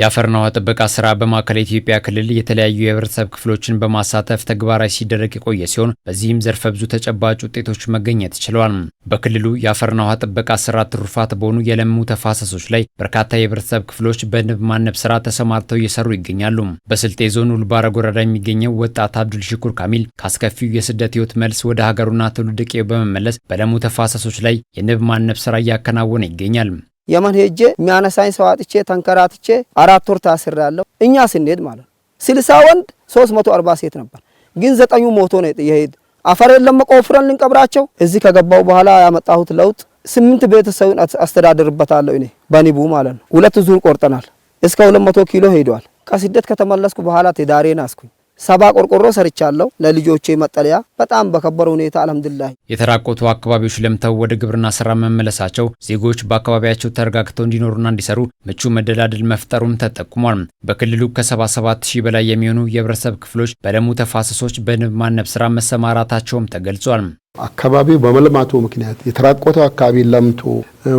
የአፈርና ውሃ ጥበቃ ስራ በማዕከላዊ ኢትዮጵያ ክልል የተለያዩ የህብረተሰብ ክፍሎችን በማሳተፍ ተግባራዊ ሲደረግ የቆየ ሲሆን በዚህም ዘርፈ ብዙ ተጨባጭ ውጤቶች መገኘት ችለዋል። በክልሉ የአፈርና ውሃ ጥበቃ ስራ ትሩፋት በሆኑ የለሙ ተፋሰሶች ላይ በርካታ የህብረተሰብ ክፍሎች በንብ ማነብ ስራ ተሰማርተው እየሰሩ ይገኛሉ። በስልጤ ዞን ውልባራ ወረዳ የሚገኘው ወጣት አብዱል ሽኩር ካሚል ከአስከፊው የስደት ህይወት መልስ ወደ ሀገሩና ትውልድ ቀዬው በመመለስ በለሙ ተፋሰሶች ላይ የንብ ማነብ ስራ እያከናወነ ይገኛል። የመን ሄጄ የሚያነሳኝ ሰው አጥቼ ተንከራትቼ አራት ወር ታስሬያለሁ። እኛ ስንሄድ ማለት ነው ስልሳ ወንድ ሶስት መቶ አርባ ሴት ነበር፣ ግን ዘጠኙ ሞቶ ነው የሄድ አፈር የለም ቆፍረን ልንቀብራቸው። እዚህ ከገባው በኋላ ያመጣሁት ለውጥ ስምንት ቤተሰብን አስተዳድርበታለሁ እኔ በኒቡ ማለት ነው። ሁለት ዙር ቆርጠናል። እስከ ሁለት መቶ ኪሎ ሄደዋል። ከስደት ከተመለስኩ በኋላ ትዳሬን አስኩኝ። ሰባ ቆርቆሮ ሰርቻለሁ ለልጆቼ መጠለያ በጣም በከበረ ሁኔታ አልሐምዱሊላህ። የተራቆቱ አካባቢዎች ለምተው ወደ ግብርና ስራ መመለሳቸው ዜጎች በአካባቢያቸው ተረጋግተው እንዲኖሩና እንዲሰሩ ምቹ መደላደል መፍጠሩም ተጠቁሟል። በክልሉ ከ77 ሺህ በላይ የሚሆኑ የህብረተሰብ ክፍሎች በደሙ ተፋሰሶች በንብ ማነብ ስራ መሰማራታቸውም ተገልጿል። አካባቢው በመልማቱ ምክንያት የተራቆተው አካባቢ ለምቶ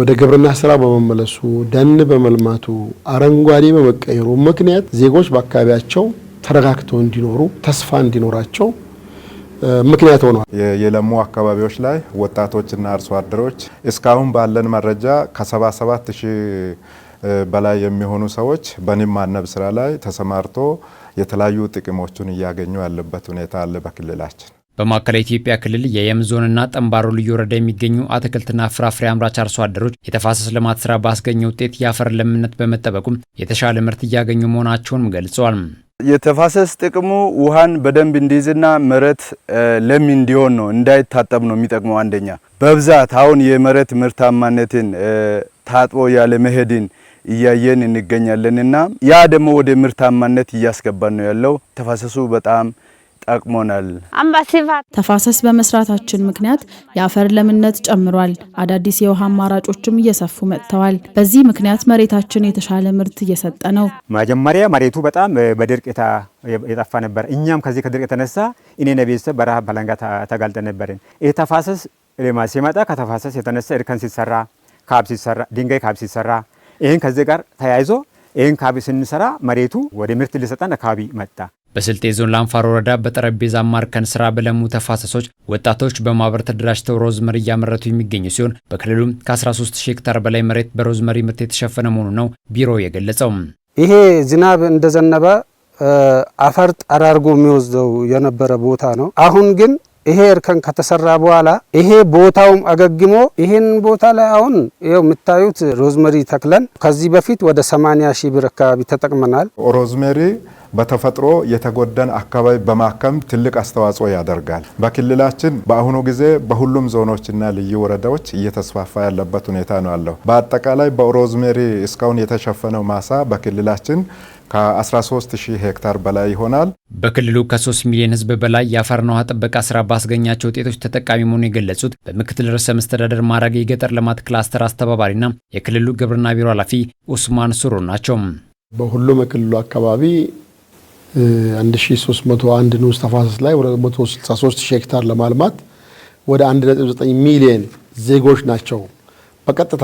ወደ ግብርና ስራ በመመለሱ ደን በመልማቱ አረንጓዴ በመቀየሩ ምክንያት ዜጎች በአካባቢያቸው ተረጋግተው እንዲኖሩ ተስፋ እንዲኖራቸው ምክንያት ሆኗል። የለሙ አካባቢዎች ላይ ወጣቶችና አርሶ አደሮች እስካሁን ባለን መረጃ ከ77 ሺህ በላይ የሚሆኑ ሰዎች በንብ ማነብ ስራ ላይ ተሰማርቶ የተለያዩ ጥቅሞችን እያገኙ ያለበት ሁኔታ አለ በክልላችን። በማዕከላዊ ኢትዮጵያ ክልል የየም ዞንና ጠንባሮ ልዩ ወረዳ የሚገኙ አትክልትና ፍራፍሬ አምራች አርሶ አደሮች የተፋሰስ ልማት ስራ ባስገኘ ውጤት የአፈር ለምነት በመጠበቁም የተሻለ ምርት እያገኙ መሆናቸውንም ገልጸዋል። የተፋሰስ ጥቅሙ ውሃን በደንብ እንዲይዝና መሬት ለም እንዲሆን ነው፣ እንዳይታጠብ ነው የሚጠቅመው። አንደኛ በብዛት አሁን የመሬት ምርታማነትን ታጥቦ ያለ መሄድን እያየን እንገኛለንና ያ ደግሞ ወደ ምርታማነት እያስገባን ነው ያለው። ተፋሰሱ በጣም ጠቅሞናል። ተፋሰስ በመስራታችን ምክንያት የአፈር ለምነት ጨምሯል። አዳዲስ የውሃ አማራጮችም እየሰፉ መጥተዋል። በዚህ ምክንያት መሬታችን የተሻለ ምርት እየሰጠ ነው። መጀመሪያ መሬቱ በጣም በድርቅ የጠፋ ነበር። እኛም ከዚህ ከድርቅ የተነሳ እኔና ቤተሰብ በረሃብ በለንጋ ተጋልጠ ነበርን። ይህ ተፋሰስ ልማት ሲመጣ ከተፋሰስ የተነሳ እርከን ሲሰራ፣ ካብ ሲሰራ፣ ድንጋይ ካብ ሲሰራ ይህን ከዚህ ጋር ተያይዞ ይህን ካብ ስንሰራ መሬቱ ወደ ምርት ሊሰጠን አካባቢ መጣ። በስልጤ ዞን ላንፋር ወረዳ በጠረጴዛ ማርከን ስራ በለሙ ተፋሰሶች ወጣቶች በማህበር ተደራጅተው ሮዝመሪ እያመረቱ የሚገኙ ሲሆን በክልሉም ከ13 ሺህ ሄክታር በላይ መሬት በሮዝመሪ ምርት የተሸፈነ መሆኑ ነው ቢሮ የገለጸው። ይሄ ዝናብ እንደዘነበ አፈር ጠራርጎ የሚወስደው የነበረ ቦታ ነው። አሁን ግን ይሄ እርከን ከተሰራ በኋላ ይሄ ቦታውም አገግሞ ይህን ቦታ ላይ አሁን ይኸው የምታዩት ሮዝመሪ ተክለን ከዚህ በፊት ወደ 80 ሺህ ብር አካባቢ ተጠቅመናል። ሮዝመሪ በተፈጥሮ የተጎዳን አካባቢ በማከም ትልቅ አስተዋጽኦ ያደርጋል። በክልላችን በአሁኑ ጊዜ በሁሉም ዞኖችና ልዩ ወረዳዎች እየተስፋፋ ያለበት ሁኔታ ነው ያለው። በአጠቃላይ በሮዝሜሪ እስካሁን የተሸፈነው ማሳ በክልላችን ከ13000 ሄክታር በላይ ይሆናል። በክልሉ ከ3 ሚሊዮን ህዝብ በላይ የአፈርና ውሃ ጥበቃ ስራ ባስገኛቸው ውጤቶች ተጠቃሚ መሆኑ የገለጹት በምክትል ርዕሰ መስተዳደር ማዕረግ የገጠር ልማት ክላስተር አስተባባሪና የክልሉ ግብርና ቢሮ ኃላፊ ኡስማን ሱሩ ናቸው። በሁሉም የክልሉ አካባቢ 1301 ንዑስ ተፋሰስ ላይ 263 ሺህ ሄክታር ለማልማት ወደ 1.9 ሚሊዮን ዜጎች ናቸው በቀጥታ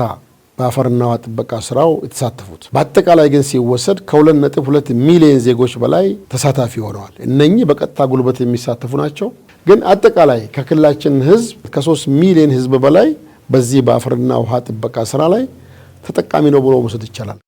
በአፈርና ውሃ ጥበቃ ስራው የተሳተፉት። በአጠቃላይ ግን ሲወሰድ ከ2.2 ሚሊዮን ዜጎች በላይ ተሳታፊ ሆነዋል። እነኚህ በቀጥታ ጉልበት የሚሳተፉ ናቸው። ግን አጠቃላይ ከክልላችን ህዝብ ከ3 ሚሊዮን ህዝብ በላይ በዚህ በአፈርና ውሃ ጥበቃ ስራ ላይ ተጠቃሚ ነው ብሎ መውሰድ ይቻላል።